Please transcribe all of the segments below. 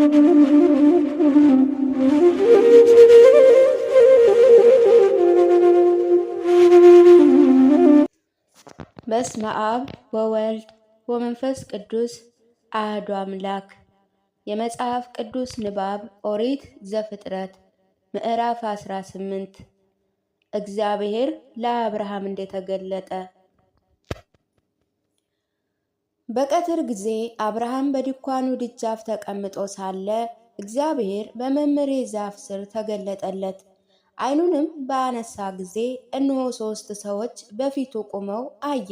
በስመ አብ ወወልድ ወመንፈስ ቅዱስ አህዱ አምላክ። የመጽሐፍ ቅዱስ ንባብ ኦሪት ዘፍጥረት ምዕራፍ 18 እግዚአብሔር ለአብርሃም እንደተገለጠ በቀትር ጊዜ አብርሃም በድኳኑ ድጃፍ ተቀምጦ ሳለ እግዚአብሔር በመምሬ ዛፍ ስር ተገለጠለት። ዓይኑንም በአነሳ ጊዜ እነሆ ሶስት ሰዎች በፊቱ ቆመው አየ።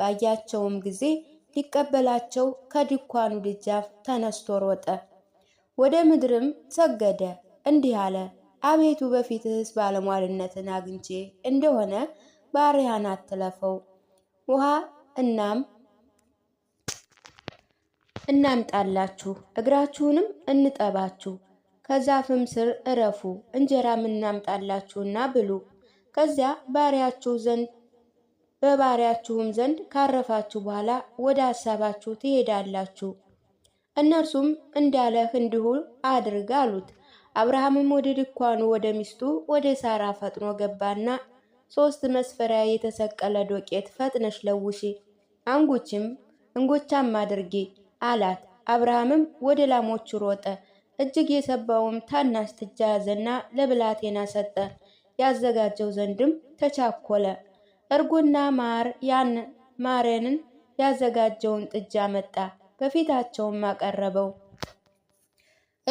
ባያቸውም ጊዜ ሊቀበላቸው ከድኳኑ ድጃፍ ተነስቶ ሮጠ፣ ወደ ምድርም ሰገደ፣ እንዲህ አለ፣ አቤቱ በፊትህስ ባለሟልነትን አግኝቼ እንደሆነ ባሪያህን አትለፈው። ውሃ እናም እናምጣላችሁ፣ እግራችሁንም እንጠባችሁ፣ ከዛፍም ስር እረፉ፣ እንጀራም እናምጣላችሁና ብሉ። ከዚያ ባሪያችሁ ዘንድ በባሪያችሁም ዘንድ ካረፋችሁ በኋላ ወደ ሀሳባችሁ ትሄዳላችሁ። እነርሱም እንዳለህ እንዲሁ አድርግ አሉት። አብርሃምም ወደ ድኳኑ ወደ ሚስቱ ወደ ሳራ ፈጥኖ ገባና ሶስት መስፈሪያ የተሰቀለ ዶቄት ፈጥነሽ ለውሺ፣ አንጉችም እንጎቻም አድርጌ! አላት። አብርሃምም ወደ ላሞቹ ሮጠ። እጅግ የሰባውም ታናሽ ጥጃ ያዘና ለብላቴና ሰጠ። ያዘጋጀው ዘንድም ተቻኮለ። እርጎና ማር ያን ማረንን ያዘጋጀውን ጥጃ መጣ፣ በፊታቸውም አቀረበው።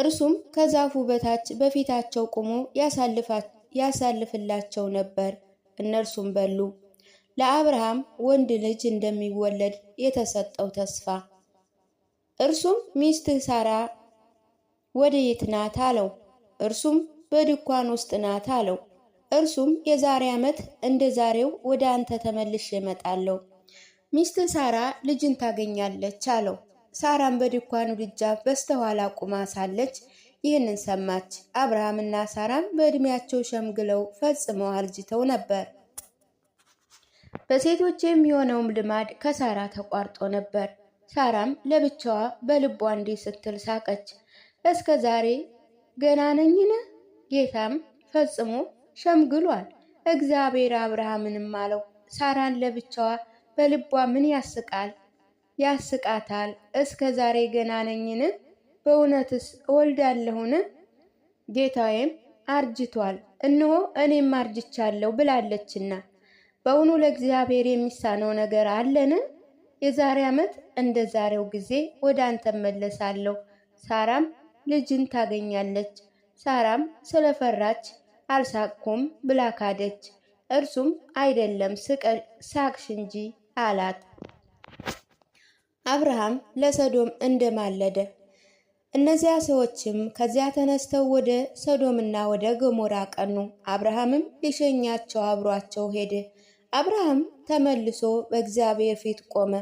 እርሱም ከዛፉ በታች በፊታቸው ቆሞ ያሳልፍላቸው ነበር። እነርሱም በሉ። ለአብርሃም ወንድ ልጅ እንደሚወለድ የተሰጠው ተስፋ እርሱም ሚስትህ ሳራ ወደየት ናት አለው። እርሱም በድኳን ውስጥ ናት አለው። እርሱም የዛሬ ዓመት እንደ ዛሬው ወደ አንተ ተመልሼ እመጣለሁ፣ ሚስትህ ሳራ ልጅን ታገኛለች አለው። ሳራም በድኳኑ ደጃፍ በስተኋላ ቁማ ሳለች ይህንን ሰማች። አብርሃምና ሳራም በዕድሜያቸው ሸምግለው ፈጽመው አርጅተው ነበር። በሴቶች የሚሆነውም ልማድ ከሳራ ተቋርጦ ነበር። ሳራም ለብቻዋ በልቧ እንዲህ ስትል ሳቀች። እስከ ዛሬ ገና ነኝን? ጌታም ፈጽሞ ሸምግሏል። እግዚአብሔር አብርሃምንም አለው ሳራን ለብቻዋ በልቧ ምን ያስቃል ያስቃታል? እስከ ዛሬ ገና ነኝን? በእውነትስ እወልዳለሁን? ጌታዬም አርጅቷል፣ እንሆ እኔም አርጅቻለሁ ብላለችና በውኑ ለእግዚአብሔር የሚሳነው ነገር አለን? የዛሬ ዓመት እንደ ዛሬው ጊዜ ወደ አንተ መለሳለሁ። ሳራም ልጅን ታገኛለች። ሳራም ስለፈራች አልሳቅኩም ብላ ካደች። እርሱም አይደለም ሳቅሽ እንጂ አላት። አብርሃም ለሰዶም እንደማለደ እነዚያ ሰዎችም ከዚያ ተነስተው ወደ ሰዶምና ወደ ገሞራ ቀኑ። አብርሃምም ሊሸኛቸው አብሯቸው ሄደ። አብርሃም ተመልሶ በእግዚአብሔር ፊት ቆመ።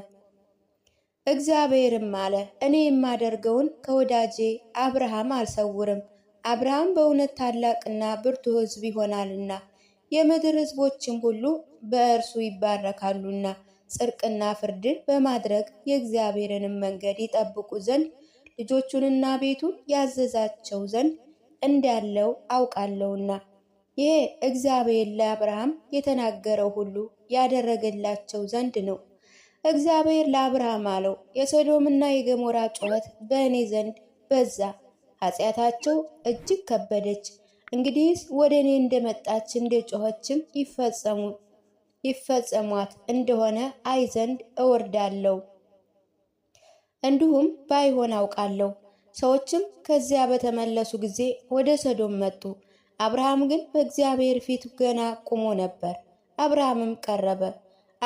እግዚአብሔርም አለ፣ እኔ የማደርገውን ከወዳጄ አብርሃም አልሰውርም። አብርሃም በእውነት ታላቅና ብርቱ ሕዝብ ይሆናልና የምድር ሕዝቦችም ሁሉ በእርሱ ይባረካሉና ጽድቅና ፍርድን በማድረግ የእግዚአብሔርንም መንገድ ይጠብቁ ዘንድ ልጆቹንና ቤቱን ያዘዛቸው ዘንድ እንዳለው አውቃለሁና ይሄ እግዚአብሔር ለአብርሃም የተናገረው ሁሉ ያደረገላቸው ዘንድ ነው። እግዚአብሔር ለአብርሃም አለው፣ የሶዶምና የገሞራ ጩኸት በእኔ ዘንድ በዛ፣ ኃጢአታቸው እጅግ ከበደች። እንግዲህስ ወደ እኔ እንደመጣች እንደ ጮኸችም ይፈጸሟት እንደሆነ አይ ዘንድ እወርዳለሁ፣ እንዲሁም ባይሆን አውቃለሁ። ሰዎችም ከዚያ በተመለሱ ጊዜ ወደ ሰዶም መጡ። አብርሃም ግን በእግዚአብሔር ፊት ገና ቆሞ ነበር። አብርሃምም ቀረበ፣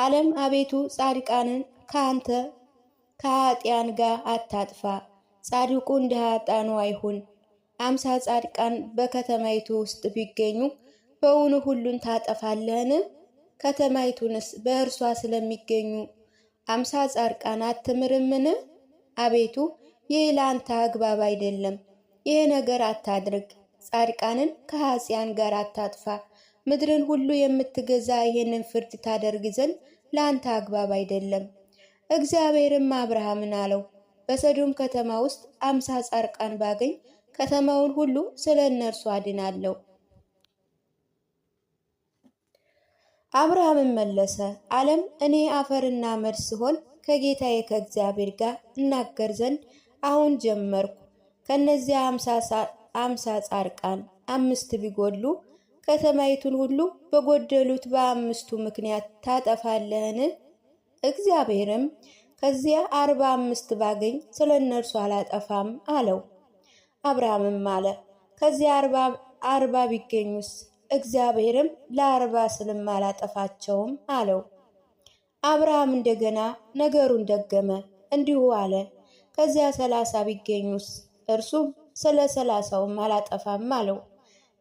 አለም አቤቱ ጻድቃንን ከአንተ ከኃጢያን ጋር አታጥፋ፣ ጻድቁ እንደ ኃጣኑ አይሁን። አምሳ ጻድቃን በከተማይቱ ውስጥ ቢገኙ በውኑ ሁሉን ታጠፋለህን? ከተማይቱንስ በእርሷ ስለሚገኙ አምሳ ጻድቃን አትምርምን? አቤቱ ይህ ለአንተ አግባብ አይደለም፣ ይህ ነገር አታድርግ። ጻድቃንን ከሐጽያን ጋር አታጥፋ። ምድርን ሁሉ የምትገዛ ይህንን ፍርድ ታደርግ ዘንድ ለአንተ አግባብ አይደለም። እግዚአብሔርም አብርሃምን አለው፣ በሰዶም ከተማ ውስጥ አምሳ ጻድቃን ባገኝ ከተማውን ሁሉ ስለ እነርሱ አድናለሁ። አብርሃምን መለሰ፣ ዓለም እኔ አፈርና አመድ ስሆን ከጌታዬ ከእግዚአብሔር ጋር እናገር ዘንድ አሁን ጀመርኩ። ከነዚያ አምሳ አምሳ ጻርቃን አምስት ቢጎሉ ከተማይቱን ሁሉ በጎደሉት በአምስቱ ምክንያት ታጠፋለህን? እግዚአብሔርም ከዚያ አርባ አምስት ባገኝ ስለ እነርሱ አላጠፋም አለው። አብርሃምም አለ ከዚያ አርባ ቢገኙስ? እግዚአብሔርም ለአርባ ስልም አላጠፋቸውም አለው። አብርሃም እንደገና ነገሩን ደገመ እንዲሁ አለ ከዚያ ሰላሳ ቢገኙስ? እርሱም ስለ ሰላሳውም አላጠፋም አለው።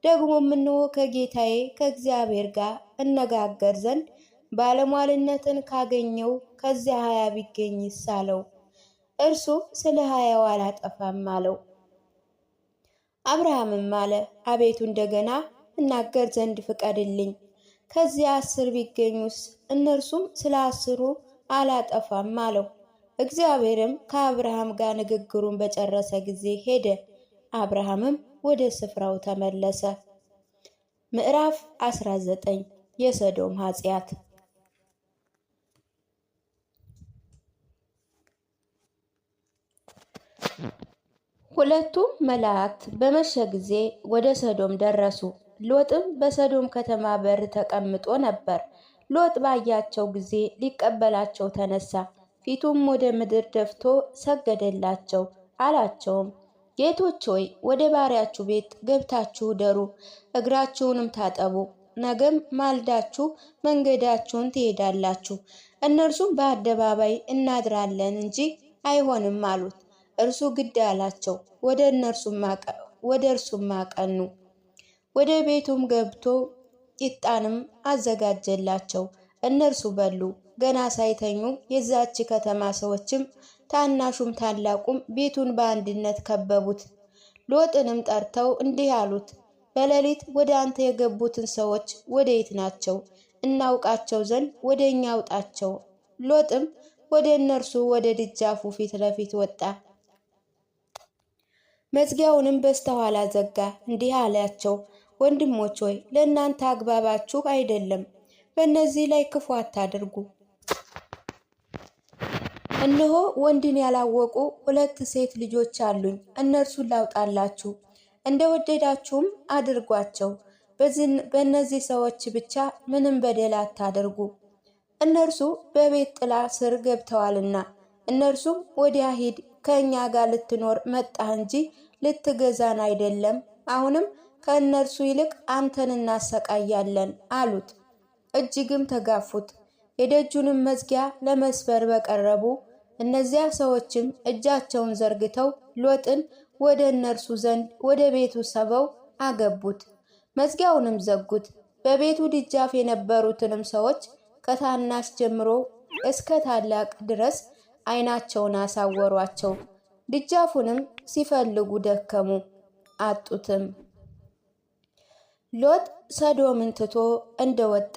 ደግሞ ምንሆ ከጌታዬ ከእግዚአብሔር ጋር እነጋገር ዘንድ ባለሟልነትን ካገኘው ከዚያ ሀያ ቢገኝ ይሳለው። እርሱም ስለ ሀያው አላጠፋም አለው። አብርሃምም አለ አቤቱ እንደገና እናገር ዘንድ ፍቀድልኝ። ከዚያ አስር ቢገኙስ? እነርሱም ስለ አስሩ አላጠፋም አለው። እግዚአብሔርም ከአብርሃም ጋር ንግግሩን በጨረሰ ጊዜ ሄደ። አብርሃምም ወደ ስፍራው ተመለሰ። ምዕራፍ 19 የሰዶም ኃጢአት። ሁለቱም መላእክት በመሸ ጊዜ ወደ ሰዶም ደረሱ። ሎጥም በሰዶም ከተማ በር ተቀምጦ ነበር። ሎጥ ባያቸው ጊዜ ሊቀበላቸው ተነሳ። ፊቱም ወደ ምድር ደፍቶ ሰገደላቸው። አላቸውም ጌቶች ሆይ ወደ ባሪያችሁ ቤት ገብታችሁ ደሩ፣ እግራችሁንም ታጠቡ፣ ነገም ማልዳችሁ መንገዳችሁን ትሄዳላችሁ። እነርሱም በአደባባይ እናድራለን እንጂ አይሆንም አሉት። እርሱ ግድ አላቸው። ወደ እርሱም አቀኑ። ወደ ቤቱም ገብቶ ቂጣንም አዘጋጀላቸው። እነርሱ በሉ። ገና ሳይተኙ የዛች ከተማ ሰዎችም ታናሹም ታላቁም ቤቱን በአንድነት ከበቡት። ሎጥንም ጠርተው እንዲህ አሉት፣ በሌሊት ወደ አንተ የገቡትን ሰዎች ወደየት ናቸው? እናውቃቸው ዘንድ ወደ እኛ አውጣቸው። ሎጥም ወደ እነርሱ ወደ ደጃፉ ፊት ለፊት ወጣ፣ መዝጊያውንም በስተኋላ ዘጋ፣ እንዲህ አላቸው፣ ወንድሞች ሆይ ለእናንተ አግባባችሁ አይደለም፣ በእነዚህ ላይ ክፉ አታድርጉ። እነሆ ወንድን ያላወቁ ሁለት ሴት ልጆች አሉኝ፣ እነርሱን ላውጣላችሁ፣ እንደወደዳችሁም አድርጓቸው። በእነዚህ ሰዎች ብቻ ምንም በደል አታደርጉ፣ እነርሱ በቤት ጥላ ስር ገብተዋልና። እነርሱም ወዲያ ሂድ፣ ከእኛ ጋር ልትኖር መጣህ እንጂ ልትገዛን አይደለም። አሁንም ከእነርሱ ይልቅ አንተን እናሰቃያለን አሉት። እጅግም ተጋፉት። የደጁንም መዝጊያ ለመስበር በቀረቡ እነዚያ ሰዎችም እጃቸውን ዘርግተው ሎጥን ወደ እነርሱ ዘንድ ወደ ቤቱ ሰበው አገቡት፣ መዝጊያውንም ዘጉት። በቤቱ ድጃፍ የነበሩትንም ሰዎች ከታናሽ ጀምሮ እስከ ታላቅ ድረስ ዓይናቸውን አሳወሯቸው። ድጃፉንም ሲፈልጉ ደከሙ፣ አጡትም። ሎጥ ሰዶምን ትቶ እንደወጣ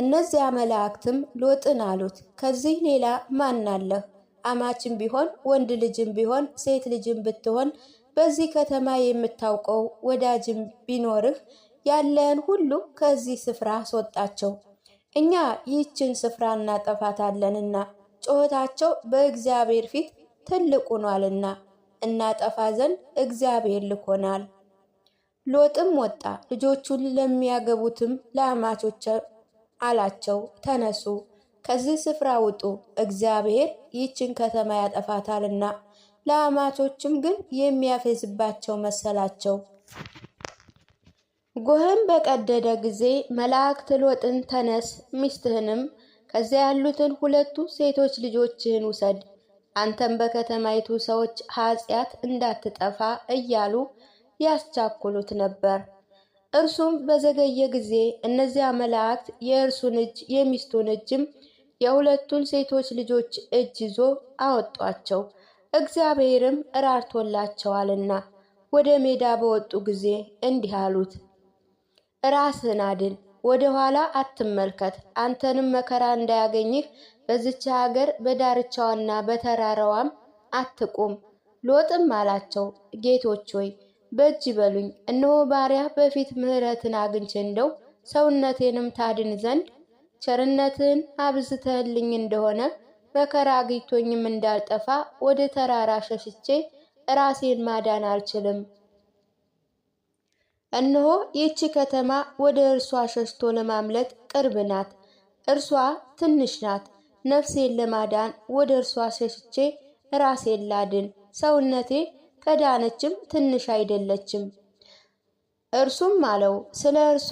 እነዚያ መላእክትም ሎጥን አሉት፣ ከዚህ ሌላ ማን አለህ? አማችን ቢሆን ወንድ ልጅም ቢሆን ሴት ልጅም ብትሆን በዚህ ከተማ የምታውቀው ወዳጅም ቢኖርህ ያለህን ሁሉ ከዚህ ስፍራ አስወጣቸው። እኛ ይህችን ስፍራ እናጠፋታለንና ጩኸታቸው በእግዚአብሔር ፊት ትልቅ ሆኗልና እናጠፋ ዘንድ እግዚአብሔር ልኮናል። ሎጥም ወጣ ልጆቹን ለሚያገቡትም ለአማቾቻ አላቸው። ተነሱ፣ ከዚህ ስፍራ ውጡ፣ እግዚአብሔር ይህችን ከተማ ያጠፋታልና። ለአማቾችም ግን የሚያፌዝባቸው መሰላቸው። ጎህም በቀደደ ጊዜ መላእክት ሎጥን ተነስ፣ ሚስትህንም ከዚያ ያሉትን ሁለቱ ሴቶች ልጆችህን ውሰድ፣ አንተም በከተማይቱ ሰዎች ኃጢአት እንዳትጠፋ እያሉ ያስቻኩሉት ነበር። እርሱም በዘገየ ጊዜ እነዚያ መላእክት የእርሱን እጅ የሚስቱን እጅም የሁለቱን ሴቶች ልጆች እጅ ይዞ አወጧቸው። እግዚአብሔርም እራርቶላቸዋልና ወደ ሜዳ በወጡ ጊዜ እንዲህ አሉት፣ ራስህን አድን፣ ወደ ኋላ አትመልከት፣ አንተንም መከራ እንዳያገኝህ በዚች ሀገር በዳርቻዋና በተራራዋም አትቁም። ሎጥም አላቸው፣ ጌቶች ሆይ በእጅ ይበሉኝ። እነሆ ባሪያ በፊት ምሕረትን አግኝቼ እንደው ሰውነቴንም ታድን ዘንድ ቸርነትህን አብዝተህልኝ እንደሆነ መከራ አግኝቶኝም እንዳልጠፋ ወደ ተራራ ሸሽቼ ራሴን ማዳን አልችልም። እነሆ ይህቺ ከተማ ወደ እርሷ ሸሽቶ ለማምለጥ ቅርብ ናት፣ እርሷ ትንሽ ናት። ነፍሴን ለማዳን ወደ እርሷ ሸሽቼ ራሴን ላድን ሰውነቴ ከዳነችም ትንሽ አይደለችም። እርሱም አለው ስለ እርሷ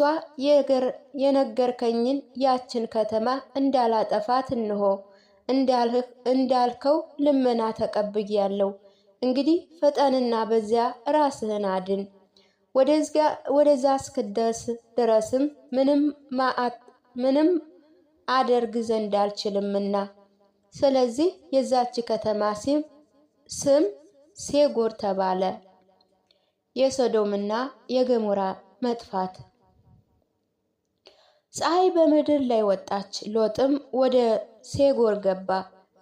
የነገርከኝን ያችን ከተማ እንዳላጠፋት እንሆ እንዳልከው ልመና ተቀብያለሁ። እንግዲህ ፍጠንና በዚያ ራስህን አድን። ወደዛ እስክደርስ ድረስም ምንም አደርግ ዘንድ አልችልምና፣ ስለዚህ የዛች ከተማ ስም ሴጎር ተባለ። የሶዶምና የገሞራ መጥፋት። ፀሐይ በምድር ላይ ወጣች፣ ሎጥም ወደ ሴጎር ገባ።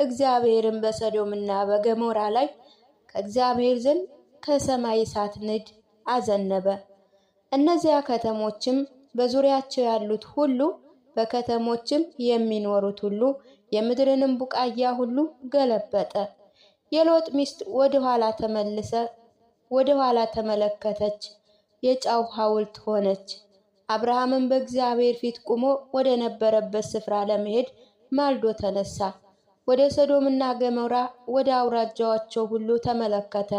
እግዚአብሔርም በሶዶምና በገሞራ ላይ ከእግዚአብሔር ዘንድ ከሰማይ እሳት ንድ አዘነበ። እነዚያ ከተሞችም በዙሪያቸው ያሉት ሁሉ በከተሞችም የሚኖሩት ሁሉ የምድርንም ቡቃያ ሁሉ ገለበጠ። የሎጥ ሚስት ወደኋላ ተመልሰ ኋላ ተመለከተች፣ የጨው ሐውልት ሆነች። አብርሃምም በእግዚአብሔር ፊት ቆሞ ወደ ነበረበት ስፍራ ለመሄድ ማልዶ ተነሳ። ወደ ሰዶምና ገሞራ ወደ አውራጃዋቸው ሁሉ ተመለከተ።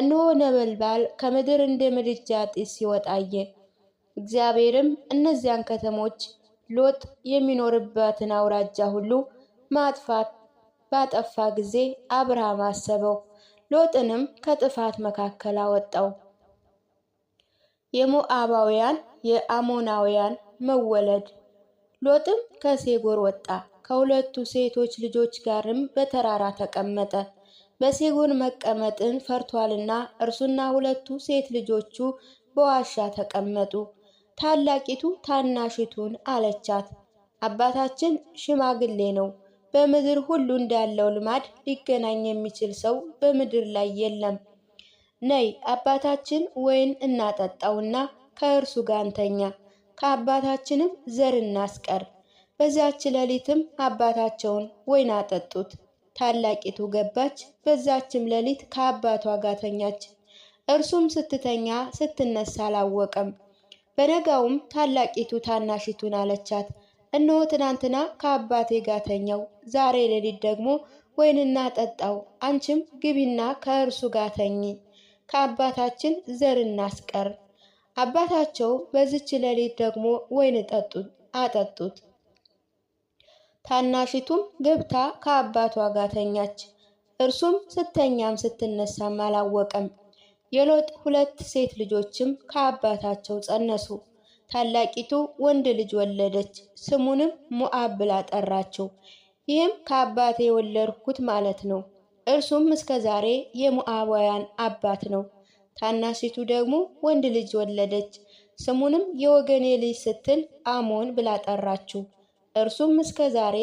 እነሆ ነበልባል ከምድር እንደ ምድጃ ጢስ ሲወጣ አየ። እግዚአብሔርም እነዚያን ከተሞች ሎጥ የሚኖርበትን አውራጃ ሁሉ ማጥፋት ባጠፋ ጊዜ አብርሃም አሰበው፣ ሎጥንም ከጥፋት መካከል አወጣው። የሞዓባውያን የአሞናውያን መወለድ ሎጥም ከሴጎር ወጣ፣ ከሁለቱ ሴቶች ልጆች ጋርም በተራራ ተቀመጠ። በሴጎር መቀመጥን ፈርቷልና እርሱና ሁለቱ ሴት ልጆቹ በዋሻ ተቀመጡ። ታላቂቱ ታናሽቱን አለቻት፣ አባታችን ሽማግሌ ነው፣ በምድር ሁሉ እንዳለው ልማድ ሊገናኝ የሚችል ሰው በምድር ላይ የለም። ነይ አባታችን ወይን እናጠጣውና ከእርሱ ጋር እንተኛ፣ ከአባታችንም ዘር እናስቀር። በዚያች ሌሊትም አባታቸውን ወይን አጠጡት። ታላቂቱ ገባች፣ በዛችም ሌሊት ከአባቷ ጋር ተኛች። እርሱም ስትተኛ ስትነሳ አላወቀም። በነጋውም ታላቂቱ ታናሽቱን አለቻት፣ እነሆ ትናንትና ከአባቴ ጋር ተኛው፣ ዛሬ ሌሊት ደግሞ ወይንና ጠጣው። አንቺም ግቢና ከእርሱ ጋር ተኚ፣ ከአባታችን ዘር እናስቀር። አባታቸው በዚች ሌሊት ደግሞ ወይን ጠጡት አጠጡት። ታናሽቱም ገብታ ከአባቷ ጋር ተኛች። እርሱም ስተኛም ስትነሳም አላወቀም። የሎጥ ሁለት ሴት ልጆችም ከአባታቸው ጸነሱ። ታላቂቱ ወንድ ልጅ ወለደች፣ ስሙንም ሙአብ ብላ ጠራችው። ይህም ከአባቴ የወለድኩት ማለት ነው። እርሱም እስከ ዛሬ የሙአባውያን አባት ነው። ታናሲቱ ደግሞ ወንድ ልጅ ወለደች፣ ስሙንም የወገኔ ልጅ ስትል አሞን ብላ ጠራችው። እርሱም እስከ ዛሬ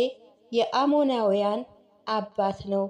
የአሞናውያን አባት ነው።